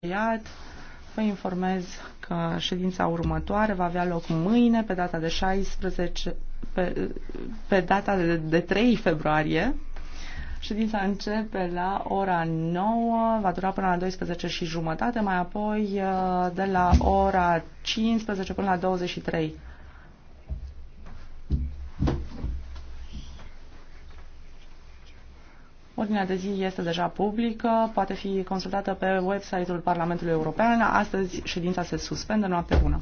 încheiat. Vă informez că ședința următoare va avea loc mâine, pe data de 16, pe, pe data de, de 3 februarie. Ședința începe la ora 9, va dura până la 12 și jumătate, mai apoi uh, de la ora 15 până la 23. Ordinea de zi este deja publică, poate fi consultată pe website-ul Parlamentului European. Astăzi ședința se suspendă, noapte bună!